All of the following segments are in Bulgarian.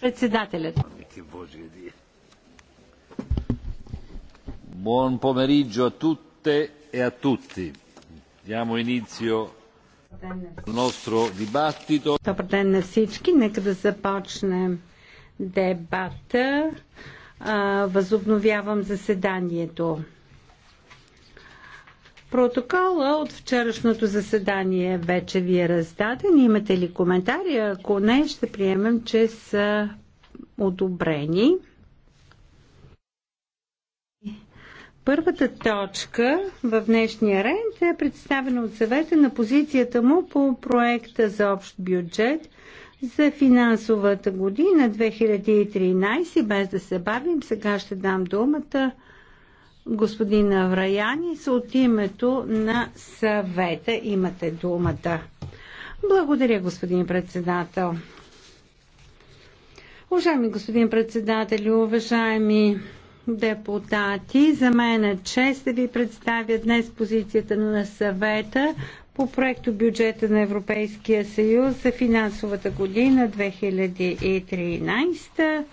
Председателят. Buon pomeriggio a tutte e a tutti. Diamo inizio al nostro dibattito. Добър ден на всички. Нека да започнем дебата. Възобновявам заседанието. Протокола от вчерашното заседание вече ви е раздаден. Имате ли коментари? Ако не, ще приемем, че са одобрени. Първата точка в днешния ред е представена от съвета на позицията му по проекта за общ бюджет за финансовата година 2013. Без да се бавим, сега ще дам думата господин са от името на съвета. Имате думата. Благодаря, господин председател. Уважаеми господин председател, уважаеми депутати, за мен е чест да ви представя днес позицията на съвета по проекто бюджета на Европейския съюз за финансовата година 2013.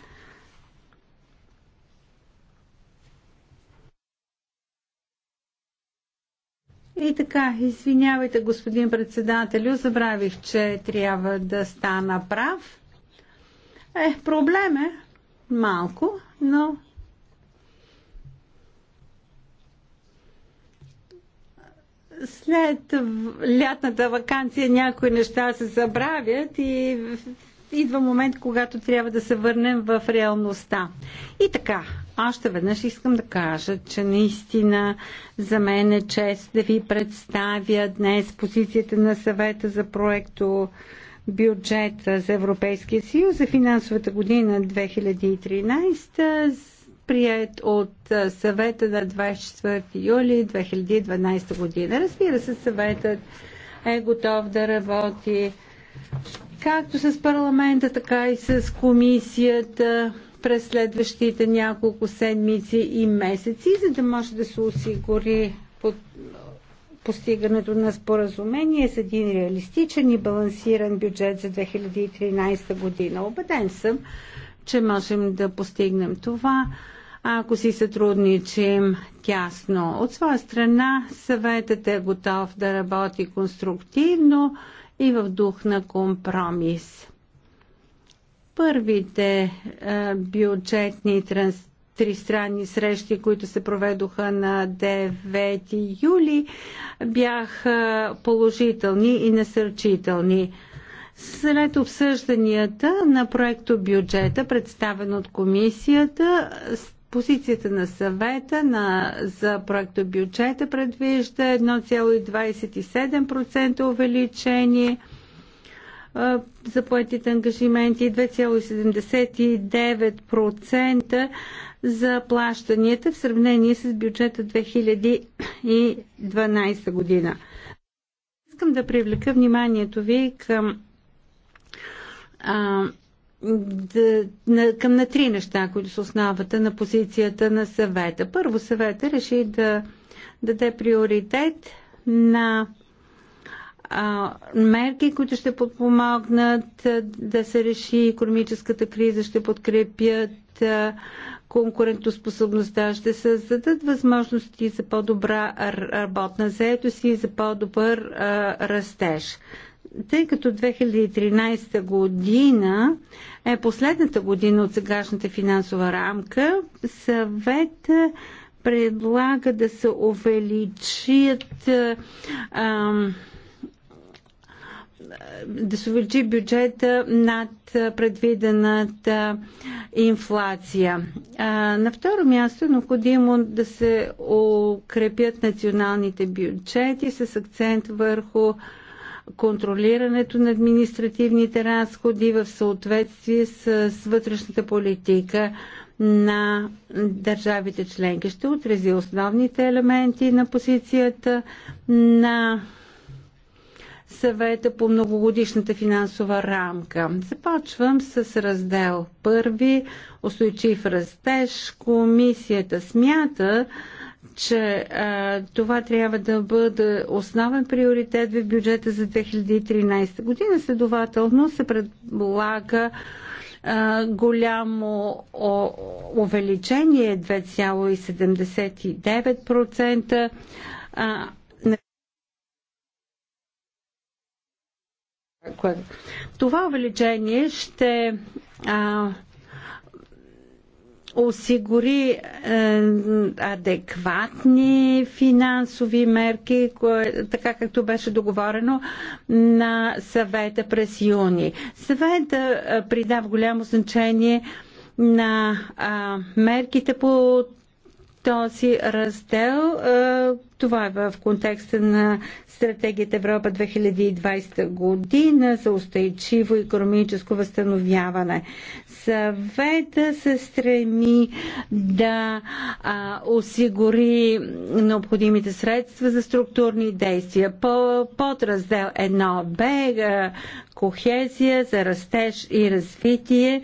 И така, извинявайте, господин председателю, забравих, че трябва да стана прав. Е, проблем е малко, но след лятната вакансия някои неща се забравят и идва момент, когато трябва да се върнем в реалността. И така, още веднъж искам да кажа, че наистина за мен е чест да ви представя днес позицията на съвета за проекто бюджет за Европейския съюз за финансовата година 2013 прият от съвета на 24 юли 2012 година. Разбира се, съветът е готов да работи както с парламента, така и с комисията през следващите няколко седмици и месеци, за да може да се осигури под постигането на споразумение с един реалистичен и балансиран бюджет за 2013 година. Обеден съм, че можем да постигнем това, ако си сътрудничим тясно. От своя страна съветът е готов да работи конструктивно и в дух на компромис. Първите е, бюджетни транс, тристранни срещи, които се проведоха на 9 юли, бяха положителни и насърчителни. След обсъжданията на проекто бюджета, представен от комисията, Позицията на съвета на, за бюджета предвижда 1,27% увеличение за поетите ангажименти и 2,79% за плащанията в сравнение с бюджета 2012 година. Искам да привлека вниманието ви към на, към на три неща, които са основата на позицията на съвета. Първо съвета реши да даде приоритет на а, мерки, които ще подпомогнат да се реши економическата криза, ще подкрепят а, конкурентоспособността, ще създадат възможности за по-добра работна заетост и за по-добър растеж тъй като 2013 година е последната година от сегашната финансова рамка, съвет предлага да се увеличат ам, да се увеличи бюджета над предвидената инфлация. На второ място е необходимо да се укрепят националните бюджети с акцент върху контролирането на административните разходи в съответствие с вътрешната политика на държавите членки. Ще отрази основните елементи на позицията на съвета по многогодишната финансова рамка. Започвам с раздел първи, устойчив растеж. Комисията смята, че а, това трябва да бъде основен приоритет в бюджета за 2013 година. Следователно се предлага а, голямо о, увеличение 2,79%. А, това увеличение ще а, осигури е, адекватни финансови мерки, така както беше договорено на съвета през юни. Съвета е, придава голямо значение на мерките по този раздел. Това е в контекста на стратегията Европа 2020 година за устойчиво економическо възстановяване. Съвета се стреми да а, осигури необходимите средства за структурни действия. По, под раздел 1 Б, кохезия за растеж и развитие,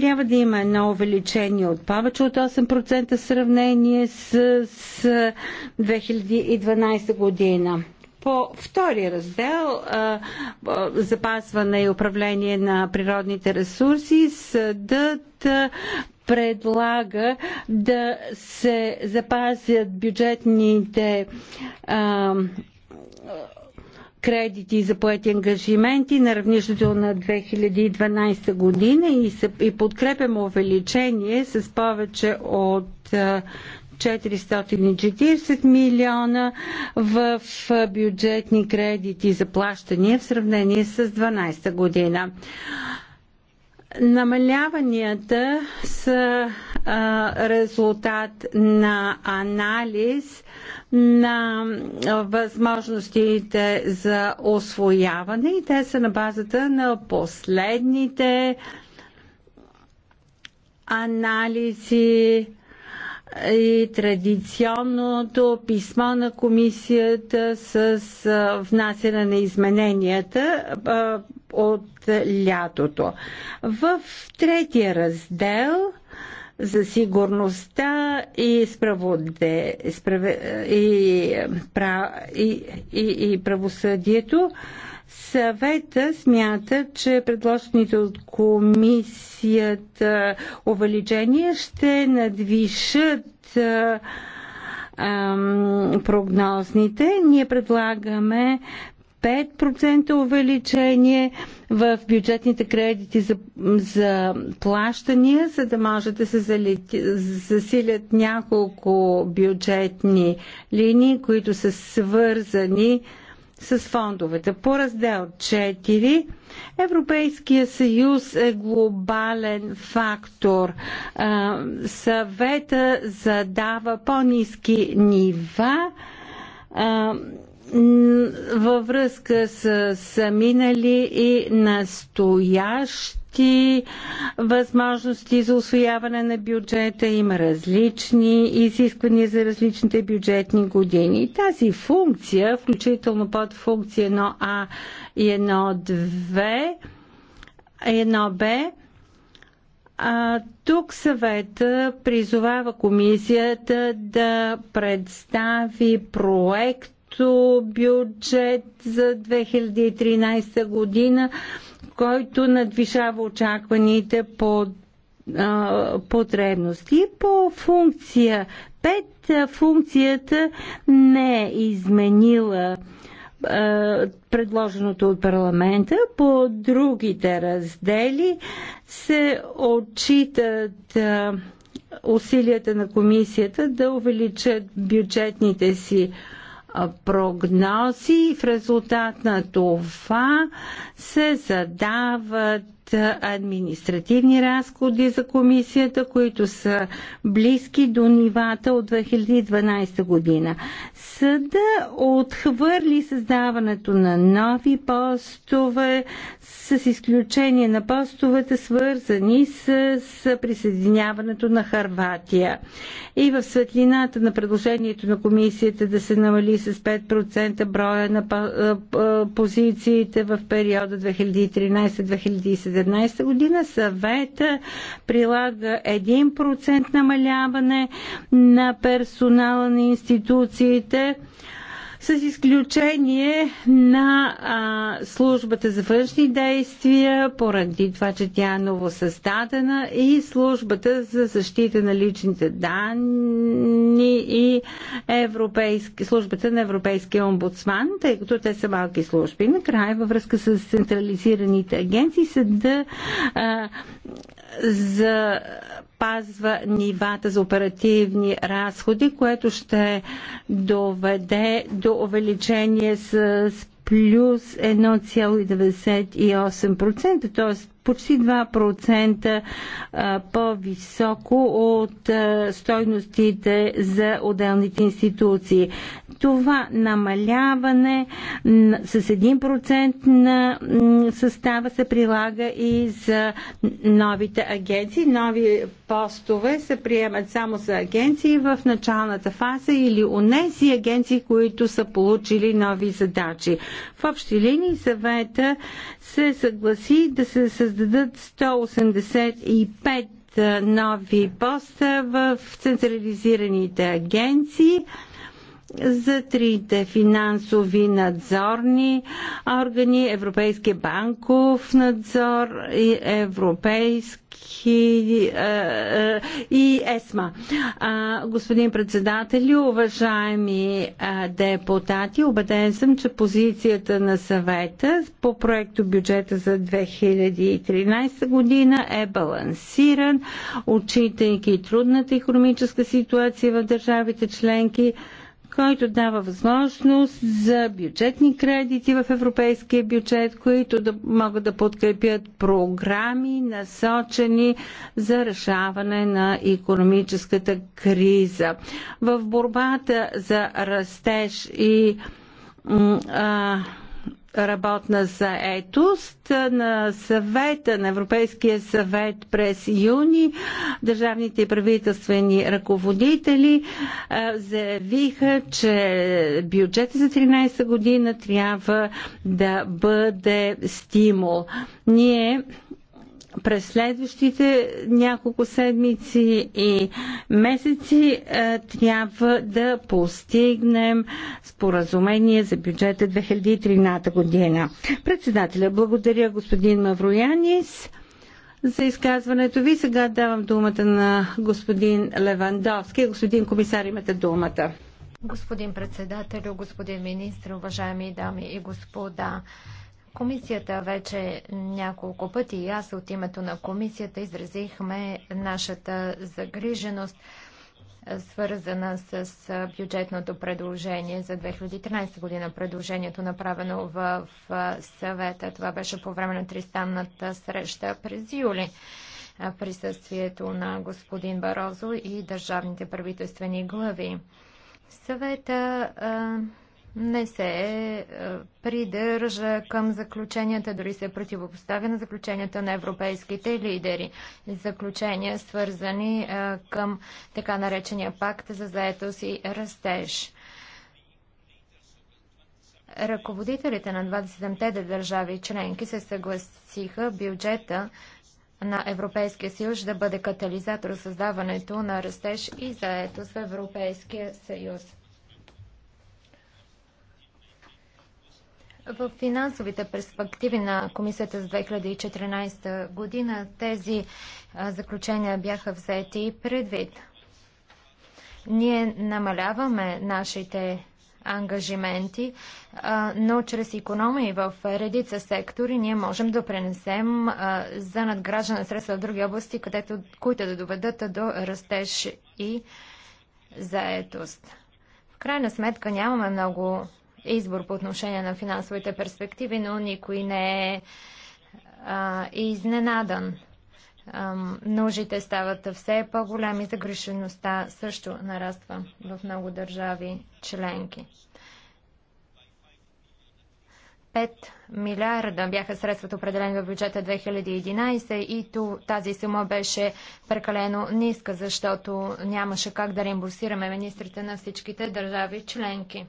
трябва да има едно увеличение от повече от 8% в сравнение с, с 2012 година по втори раздел запазване и управление на природните ресурси, съдът предлага да се запазят бюджетните а, кредити за поети ангажименти на равнището на 2012 година и, се, и подкрепяме увеличение с повече от 440 милиона в бюджетни кредити за плащания в сравнение с 2012 година. Намаляванията са а, резултат на анализ на възможностите за освояване и те са на базата на последните анализи и традиционното писмо на комисията с внасяне на измененията от лятото. В третия раздел за сигурността и, справоде, справе, и, и, и, и правосъдието Съвета смята, че предложените от комисията увеличения ще надвишат ам, прогнозните. Ние предлагаме 5% увеличение в бюджетните кредити за, за плащания, за да може да се засилят няколко бюджетни линии, които са свързани с с фондовете. По раздел 4 Европейския съюз е глобален фактор. Съвета задава по-низки нива във връзка с, минали и настоящи възможности за освояване на бюджета. Има различни изисквания за различните бюджетни години. тази функция, включително под функция 1А и 1Б, а, тук съвета призовава комисията да представи проект проекто бюджет за 2013 година, който надвишава очакваните по потребности. По функция 5 функцията не е изменила предложеното от парламента. По другите раздели се отчитат усилията на комисията да увеличат бюджетните си прогнози и в резултат на това се задават административни разходи за комисията, които са близки до нивата от 2012 година. Съда отхвърли създаването на нови постове, с изключение на постовете, свързани с, присъединяването на Харватия. И в светлината на предложението на комисията да се намали с 5% броя на позициите в периода 2013-2017 2017 година съвета прилага 1% намаляване на персонала на институциите с изключение на а, службата за външни действия, поради това, че тя е новосъздадена и службата за защита на личните данни и европейски, службата на Европейския омбудсман, тъй като те са малки служби. накрая, във връзка с централизираните агенции, са да а, за запазва нивата за оперативни разходи, което ще доведе до увеличение с плюс 1,98%, т.е. почти 2% по-високо от стойностите за отделните институции това намаляване с 1% на състава се прилага и за новите агенции. Нови постове се приемат само за агенции в началната фаза или унеси агенции, които са получили нови задачи. В общи линии съвета се съгласи да се създадат 185 нови поста в централизираните агенции за трите финансови надзорни органи, Европейски банков надзор и Европейски е, е, и ЕСМА. А, господин председател, уважаеми е, депутати, убеден съм, че позицията на съвета по проекто бюджета за 2013 година е балансиран, отчитайки трудната економическа ситуация в държавите членки, който дава възможност за бюджетни кредити в европейския бюджет, които да могат да подкрепят програми, насочени за решаване на економическата криза. В борбата за растеж и а, работна заетост на съвета, на Европейския съвет през юни. Държавните и правителствени ръководители е, заявиха, че бюджета за 13 година трябва да бъде стимул. Ние през следващите няколко седмици и месеци е, трябва да постигнем споразумение за бюджета 2013 година. Председателя, благодаря господин Мавроянис за изказването ви. Сега давам думата на господин Левандовски. Господин комисар, имате думата. Господин председател, господин министр, уважаеми дами и господа. Комисията вече няколко пъти и аз от името на комисията изразихме нашата загриженост свързана с бюджетното предложение за 2013 година, предложението направено в съвета. Това беше по време на тристанната среща през юли. Присъствието на господин Барозо и държавните правителствени глави. Съвета не се е, придържа към заключенията, дори се противопоставя на заключенията на европейските лидери. Заключения свързани е, към така наречения пакт за заетост и растеж. Ръководителите на 27-те държави членки се съгласиха бюджета на Европейския съюз да бъде катализатор създаването на растеж и заетост в Европейския съюз. В финансовите перспективи на комисията за 2014 година тези заключения бяха взети предвид. Ние намаляваме нашите ангажименти, но чрез економии в редица сектори ние можем да пренесем за надграждане средства в други области, където, които да доведат до растеж и заетост. В крайна сметка нямаме много избор по отношение на финансовите перспективи, но никой не е а, изненадан. А, ножите стават все по-големи, загрешеността също нараства в много държави членки. 5 милиарда бяха средствата определени в бюджета 2011 и тази сума беше прекалено ниска, защото нямаше как да реимбурсираме министрите на всичките държави членки.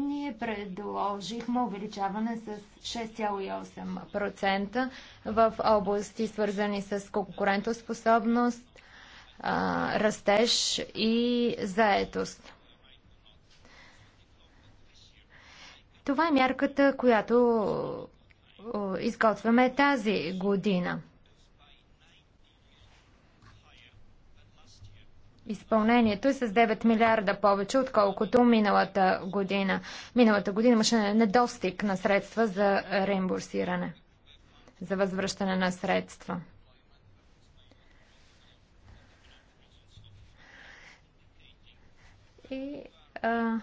Ние предложихме увеличаване с 6,8% в области свързани с конкурентоспособност, растеж и заетост. Това е мярката, която изготвяме тази година. изпълнението е с 9 милиарда повече, отколкото миналата година. Миналата година имаше недостиг на средства за реимбурсиране, за възвръщане на средства. И а,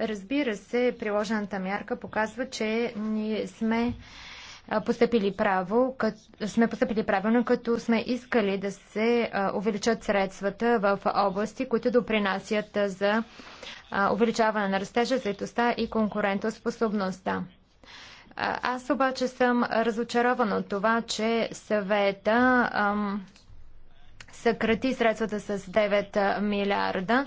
разбира се, приложената мярка показва, че ние сме а, поступили право, като, сме поступили правилно, като сме искали да се увеличат средствата в области, които допринасят за увеличаване на растежа, заедостта и конкурентоспособността. Аз обаче съм разочарован от това, че съвета ам, съкрати средствата с 9 милиарда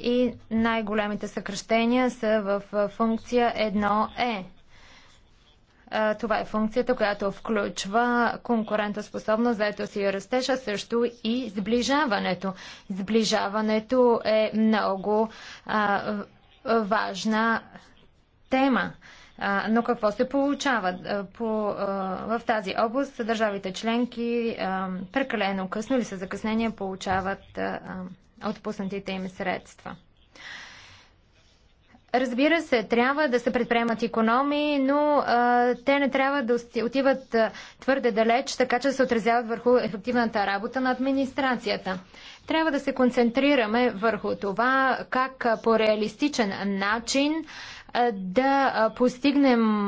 и най-големите съкръщения са в функция 1Е. Това е функцията, която включва конкурентоспособност, заето си и растежа, също и сближаването. Сближаването е много а, важна тема. А, но какво се получава? По, а, в тази област държавите членки а, прекалено късно или с закъснение получават а, отпуснатите им средства. Разбира се, трябва да се предприемат економии, но а, те не трябва да отиват а, твърде далеч, така че да се отразяват върху ефективната работа на администрацията. Трябва да се концентрираме върху това как по реалистичен начин да постигнем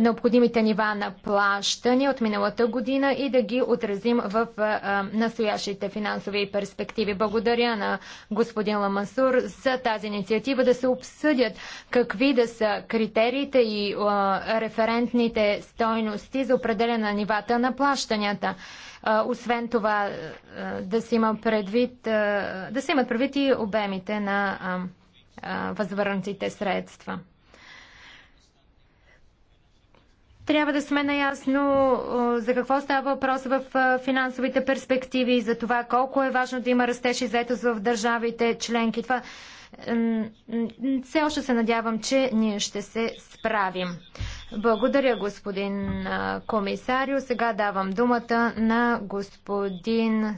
необходимите нива на плащане от миналата година и да ги отразим в настоящите финансови перспективи. Благодаря на господин Ламасур за тази инициатива да се обсъдят какви да са критериите и референтните стойности за определяне на нивата на плащанията. Освен това да се има предвид, да имат предвид и обемите на възвърнатите средства. Трябва да сме наясно за какво става въпрос в финансовите перспективи, и за това колко е важно да има растеж и заетост в държавите членки. Това все още се надявам, че ние ще се справим. Благодаря, господин комисарио. Сега давам думата на господин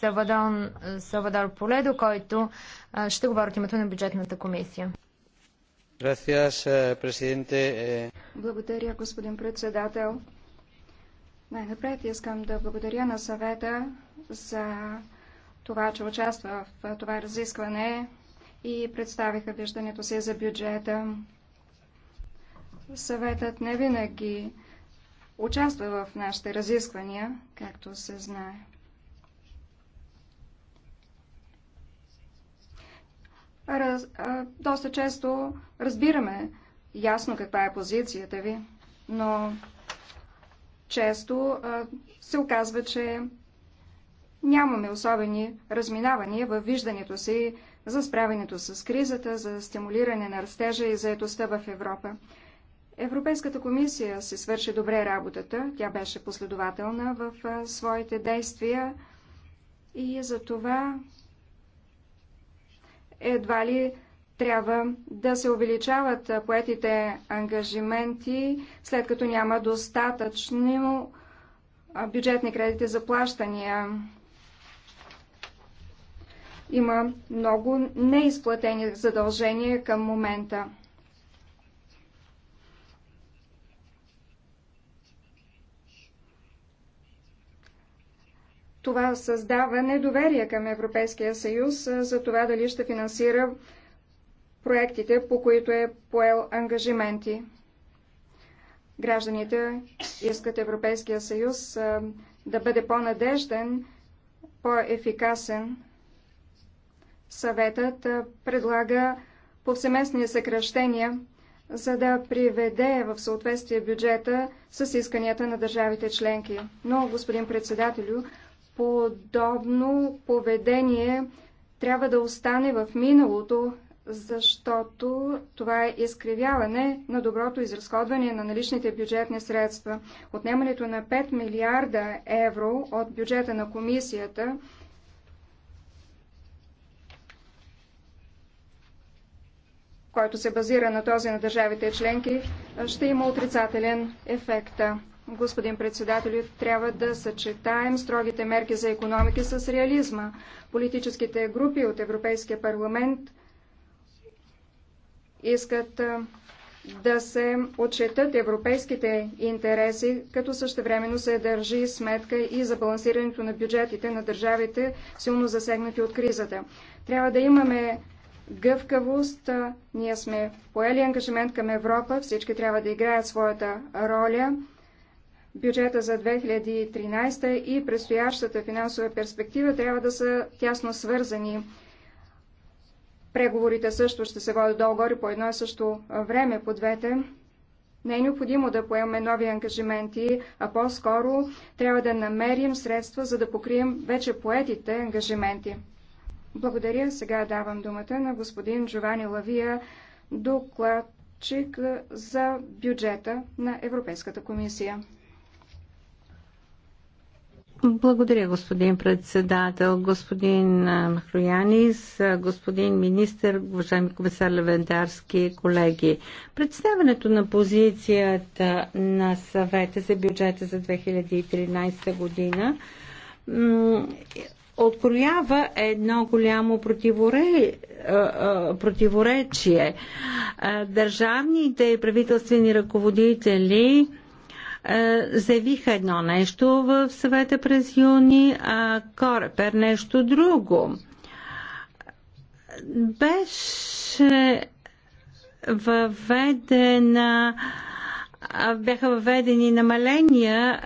Салвадор, Салвадор Поледо, който ще говори от името на бюджетната комисия. Е, е, благодаря, господин председател. Най-напред искам да благодаря на съвета за това, че участва в това разискване и представиха виждането си за бюджета. Съветът не винаги участва в нашите разисквания, както се знае. раз, а, доста често разбираме ясно каква е позицията ви, но често а, се оказва, че нямаме особени разминавания в виждането си за справянето с кризата, за стимулиране на растежа и заетостта в Европа. Европейската комисия се свърши добре работата, тя беше последователна в своите действия и за това едва ли трябва да се увеличават поетите ангажименти, след като няма достатъчно бюджетни кредити за плащания. Има много неизплатени задължения към момента. Това създава недоверие към Европейския съюз за това дали ще финансира проектите, по които е поел ангажименти. Гражданите искат Европейския съюз да бъде по-надежден, по-ефикасен. Съветът предлага повсеместни съкръщения, за да приведе в съответствие бюджета с исканията на държавите членки. Но, господин председателю, подобно поведение трябва да остане в миналото, защото това е изкривяване на доброто изразходване на наличните бюджетни средства. Отнемането на 5 милиарда евро от бюджета на комисията който се базира на този на държавите членки, ще има отрицателен ефект господин председател, трябва да съчетаем строгите мерки за економика с реализма. Политическите групи от Европейския парламент искат да се отчетат европейските интереси, като същевременно се държи сметка и за балансирането на бюджетите на държавите, силно засегнати от кризата. Трябва да имаме гъвкавост. Ние сме поели ангажимент към Европа, всички трябва да играят своята роля бюджета за 2013 и предстоящата финансова перспектива трябва да са тясно свързани. Преговорите също ще се водят долу-горе по едно и също време по двете. Не е необходимо да поемаме нови ангажименти, а по-скоро трябва да намерим средства, за да покрием вече поетите ангажименти. Благодаря. Сега давам думата на господин Джовани Лавия, докладчик за бюджета на Европейската комисия. Благодаря, господин председател, господин Махроянис, господин министр, уважаеми комисар Левендарски, колеги. представянето на позицията на съвета за бюджета за 2013 година откроява едно голямо противоречие. Държавните и правителствени ръководители – е, заявиха едно нещо в съвета през юни, а Корепер нещо друго. Беше въведена бяха въведени намаления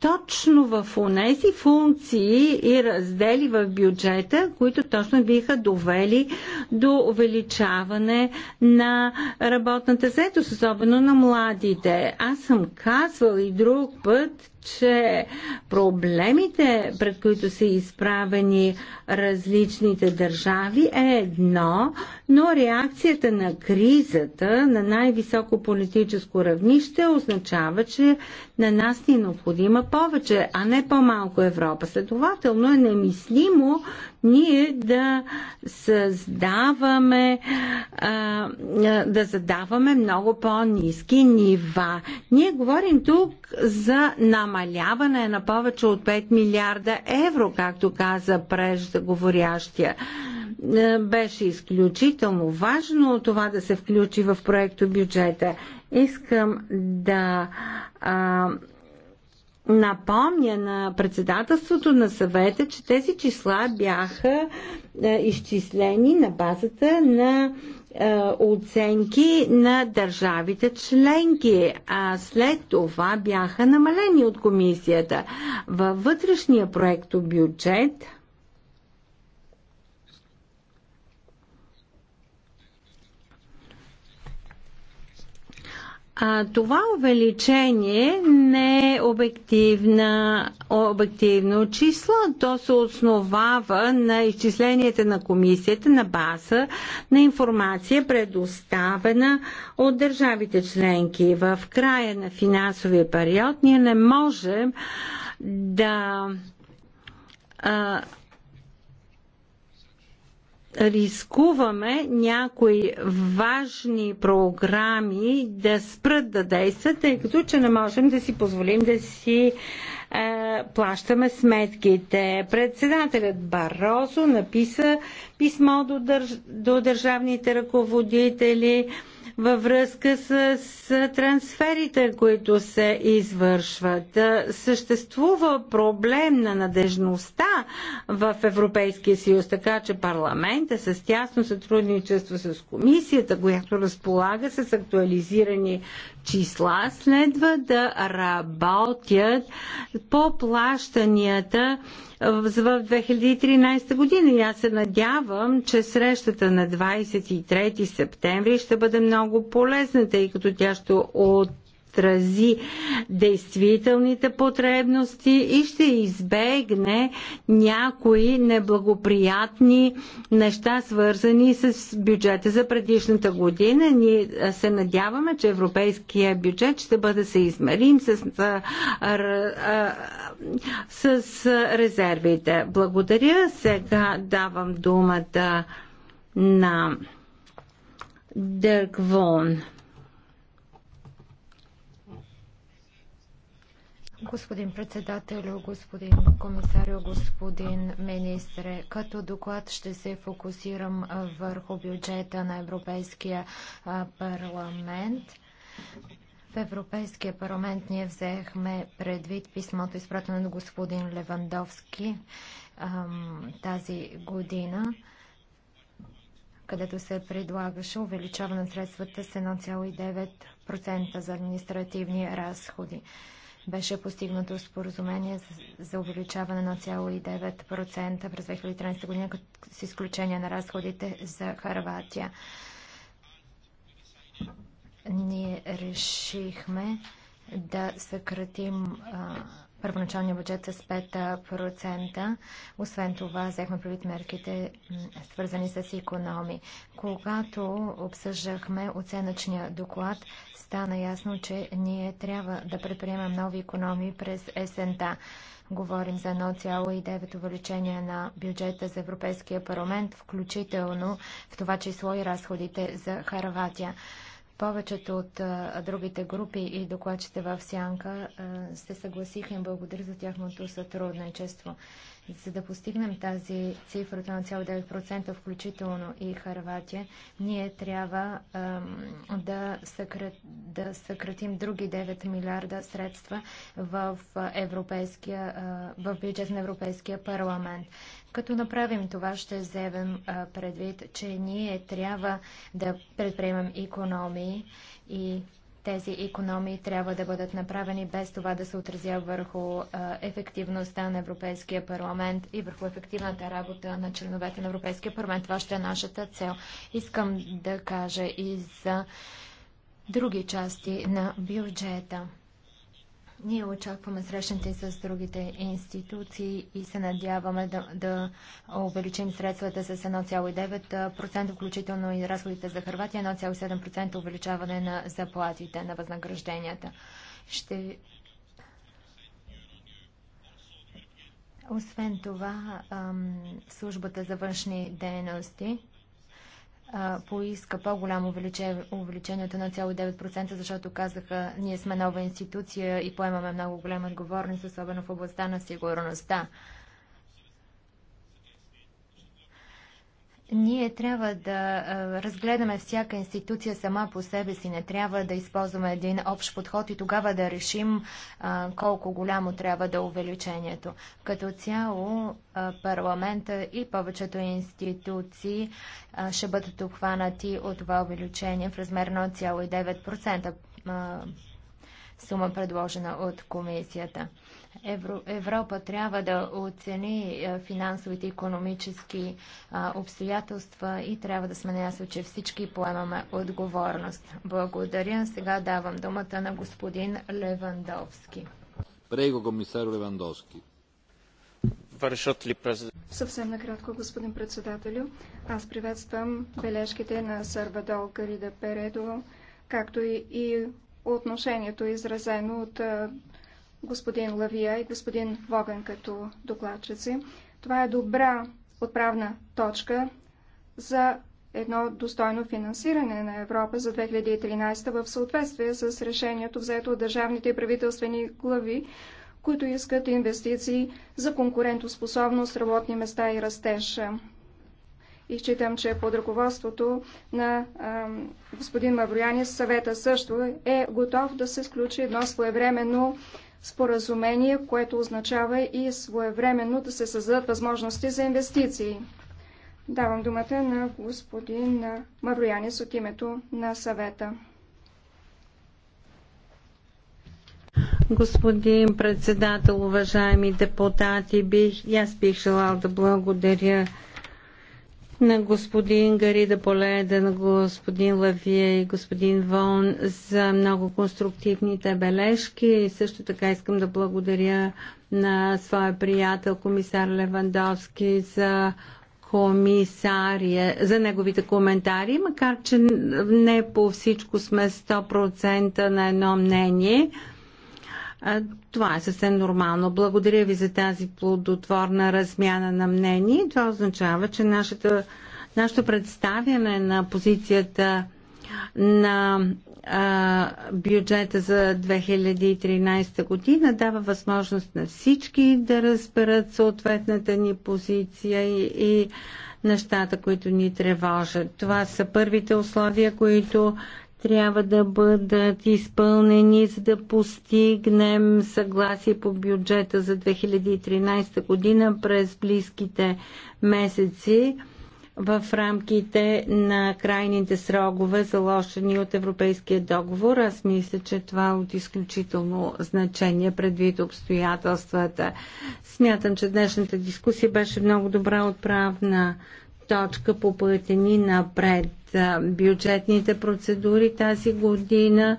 точно в онези функции и раздели в бюджета, които точно биха довели до увеличаване на работната заетост, особено на младите. Аз съм казвал и друг път, че проблемите, пред които са изправени различните държави, е едно, но реакцията на кризата на най-високо политическо равнище означава, че на нас ни е необходима повече, а не по-малко Европа. Следователно е немислимо ние да създаваме, да задаваме много по-низки нива. Ние говорим тук за намаляване на повече от 5 милиарда евро, както каза преждеговорящия е, беше изключително важно това да се включи в проекто бюджета. Искам да а, напомня на председателството на съвета, че тези числа бяха е, изчислени на базата на е, оценки на държавите членки, а след това бяха намалени от комисията. Във вътрешния проекто бюджет – А, това увеличение не е обективна, обективно число. То се основава на изчисленията на комисията на база на информация, предоставена от държавите членки. В края на финансовия период ние не можем да а, рискуваме някои важни програми да спрат да действат, тъй като че не можем да си позволим да си е, плащаме сметките. Председателят Барозо написа писмо до, държ... до държавните ръководители във връзка с, с трансферите, които се извършват. Е, съществува проблем на надежността в Европейския съюз, така че парламента с тясно сътрудничество с комисията, която разполага с актуализирани числа, следва да работят по плащанията в 2013 година. И аз се надявам, че срещата на 23 септември ще бъде много полезна, тъй като тя ще от отрази действителните потребности и ще избегне някои неблагоприятни неща, свързани с бюджета за предишната година. Ние се надяваме, че европейския бюджет ще бъде съизмерим с, с резервите. Благодаря. Сега давам думата на Дърк Вон. Господин председател, господин комисар, господин министре, като доклад ще се фокусирам върху бюджета на Европейския парламент. В Европейския парламент ние взехме предвид писмото, изпратено на господин Левандовски тази година където се предлагаше увеличаване на средствата с 1,9% за административни разходи беше постигнато споразумение за увеличаване на 0,9% през 2013 година, с изключение на разходите за Харватия. Ние решихме да съкратим а, първоначалния бюджет с 5%. Освен това, взехме предвид мерките, свързани с економи. Когато обсъждахме оценъчния доклад, стана ясно, че ние трябва да предприемем нови економии през есента. Говорим за 1,9 увеличение на бюджета за Европейския парламент, включително в това число и разходите за Харватия. Повечето от а, другите групи и докладчите в Сянка а, се съгласиха и благодаря за тяхното сътрудничество. За да постигнем тази цифра от 0,9%, включително и Харватия, ние трябва а, да, съкрат, да съкратим други 9 милиарда средства в, европейския, в бюджет на Европейския парламент. Като направим това, ще вземем предвид, че ние трябва да предприемем економии и тези економии трябва да бъдат направени без това да се отразя върху ефективността на Европейския парламент и върху ефективната работа на членовете на Европейския парламент. Това ще е нашата цел. Искам да кажа и за други части на бюджета. Ние очакваме срещните с другите институции и се надяваме да, да увеличим средствата с 1,9%, включително и разходите за Харватия, 1,7% увеличаване на заплатите, на възнагражденията. Ще Освен това, службата за външни дейности поиска по-голямо увеличението на 9%, защото казаха, ние сме нова институция и поемаме много голяма отговорност, особено в областта на сигурността. Ние трябва да разгледаме всяка институция сама по себе си. Не трябва да използваме един общ подход и тогава да решим колко голямо трябва да е увеличението. Като цяло парламента и повечето институции ще бъдат обхванати от това увеличение в размер на 0,9% сума предложена от комисията. Европа трябва да оцени е, финансовите и економически е, обстоятелства и трябва да сме наясно, че всички поемаме отговорност. Благодаря. Сега давам думата на господин Левандовски. Прего, комисар Левандовски. ли, Съвсем накратко, господин председателю. Аз приветствам бележките на Сарвадол Карида Передо, както и, и отношението изразено от е, господин Лавия и господин Воган като докладчици. Това е добра отправна точка за едно достойно финансиране на Европа за 2013 в съответствие с решението взето от държавните и правителствени глави, които искат инвестиции за конкурентоспособност, работни места и растеж. И считам, че под ръководството на а, господин Мавроянис съвета също е готов да се сключи едно своевременно споразумение, което означава и своевременно да се създадат възможности за инвестиции. Давам думата на господин Мавроянис от името на съвета. Господин председател, уважаеми депутати, бих, аз бих желал да благодаря на господин Гарида Поледа, на господин Лавие и господин Вон за много конструктивните бележки и също така искам да благодаря на своя приятел комисар Левандовски за комисария, за неговите коментари, макар че не по всичко сме 100% на едно мнение. Това е съвсем нормално. Благодаря ви за тази плодотворна размяна на мнение. Това означава, че нашата, нашето представяне на позицията на а, бюджета за 2013 година дава възможност на всички да разберат съответната ни позиция и, и нещата, които ни тревожат. Това са първите условия, които трябва да бъдат изпълнени, за да постигнем съгласие по бюджета за 2013 година през близките месеци в рамките на крайните срогове, заложени от Европейския договор. Аз мисля, че това е от изключително значение предвид обстоятелствата. Смятам, че днешната дискусия беше много добра отправна точка по пътя ни напред бюджетните процедури тази година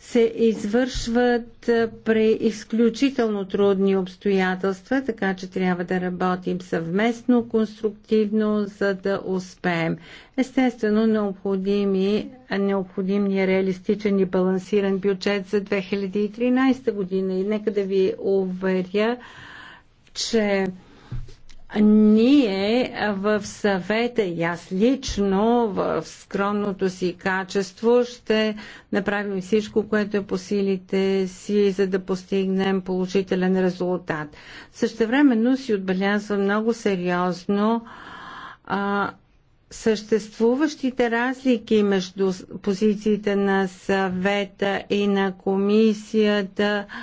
се извършват при изключително трудни обстоятелства, така че трябва да работим съвместно, конструктивно, за да успеем. Естествено, необходими, необходим ни е реалистичен и балансиран бюджет за 2013 година. И нека да ви уверя, че ние в съвета и аз лично в скромното си качество ще направим всичко, което е по силите си, за да постигнем положителен резултат. Същевременно си отбелязва много сериозно а, съществуващите разлики между позициите на съвета и на комисията. А,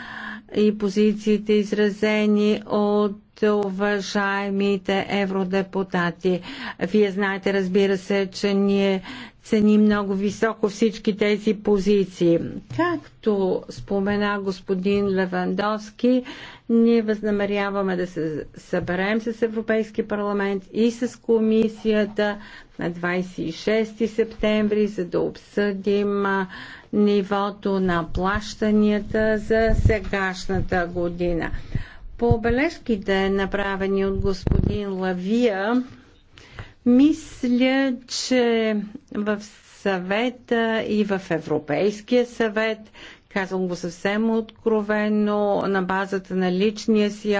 и позициите изразени от уважаемите евродепутати. Вие знаете, разбира се, че ние ценим много високо всички тези позиции. Както спомена господин Левандовски, ние възнамеряваме да се съберем с Европейски парламент и с комисията на 26 септември, за да обсъдим нивото на плащанията за сегашната година. По обележките, направени от господин Лавия, мисля, че в съвета и в Европейския съвет казвам го съвсем откровено на базата на личния си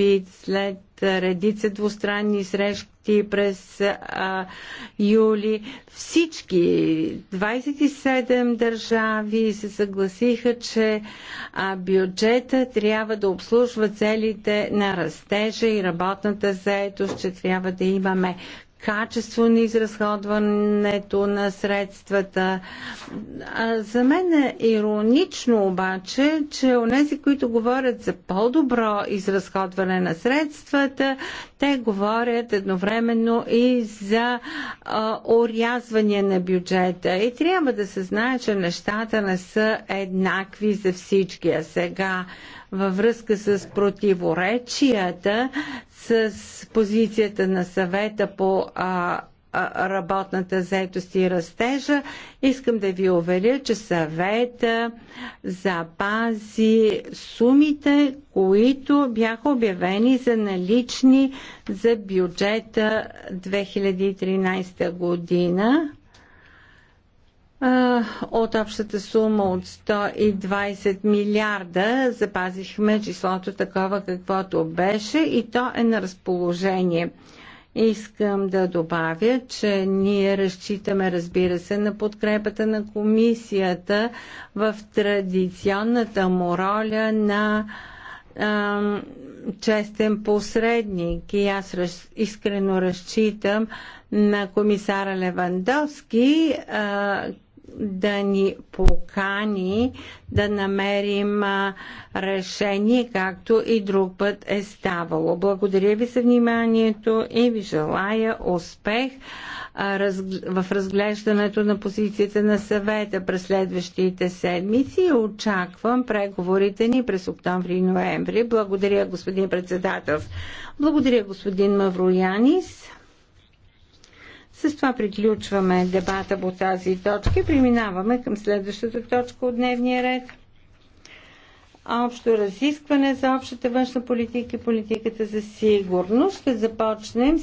Шпиц след редица двустранни срещи през а, юли. Всички 27 държави се съгласиха, че а, бюджета трябва да обслужва целите на растежа и работната заетост, че трябва да имаме качество на изразходването на средствата. За мен е иронично обаче, че онези, които говорят за по-добро изразходване на средствата, те говорят едновременно и за а, орязване на бюджета. И трябва да се знае, че нещата не са еднакви за всички. А сега във връзка с противоречията с позицията на съвета по а, работната заетост и растежа. Искам да ви уверя, че съвета запази сумите, които бяха обявени за налични за бюджета 2013 година. От общата сума от 120 милиарда запазихме числото такова каквото беше и то е на разположение. Искам да добавя, че ние разчитаме, разбира се, на подкрепата на комисията в традиционната му роля на а, честен посредник. И аз раз, искрено разчитам на комисара Левандовски, а, да ни покани да намерим решение, както и друг път е ставало. Благодаря ви за вниманието и ви желая успех в разглеждането на позицията на съвета през следващите седмици и очаквам преговорите ни през октомври и ноември. Благодаря, господин председател. Благодаря, господин Мавроянис. С това приключваме дебата по тази точка и преминаваме към следващата точка от дневния ред. Общо разискване за общата външна политика и политиката за сигурност. Ще започнем